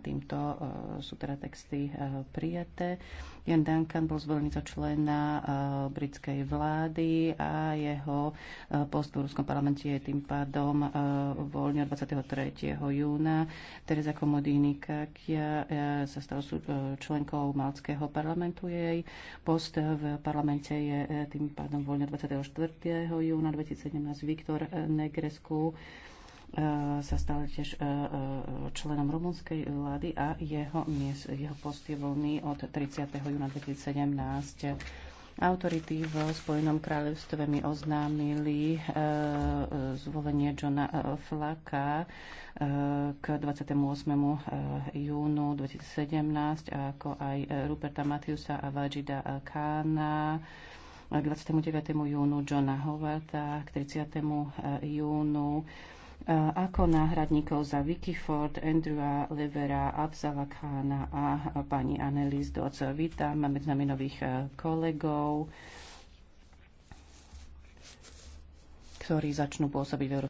týmto e, sú teda texty e, prijaté. Jan Duncan bol zvolený za člena e, britskej vlády a jeho post v Ruskom parlamente je tým pádom voľne od 23. júna. Teresa Komodini Kakia sa stala členkou Malckého parlamentu. Jej post v parlamente je tým pádom voľne 24. júna 2017. Viktor Negresku E, sa stal tiež e, e, členom rumunskej vlády a jeho, jeho post je voľný od 30. júna 2017. Autority v Spojenom kráľovstve mi oznámili zvolenie Johna Flaka k 28. júnu 2017, ako aj Ruperta Matthewsa a Vajida Kána, k 29. júnu Johna Hovata k 30. júnu ako náhradníkov za Vicky Ford, Andrewa Levera, Abzala Khána a pani Annelies Doc. Vítam máme nami nových e, kolegov, ktorí začnú pôsobiť v Európe.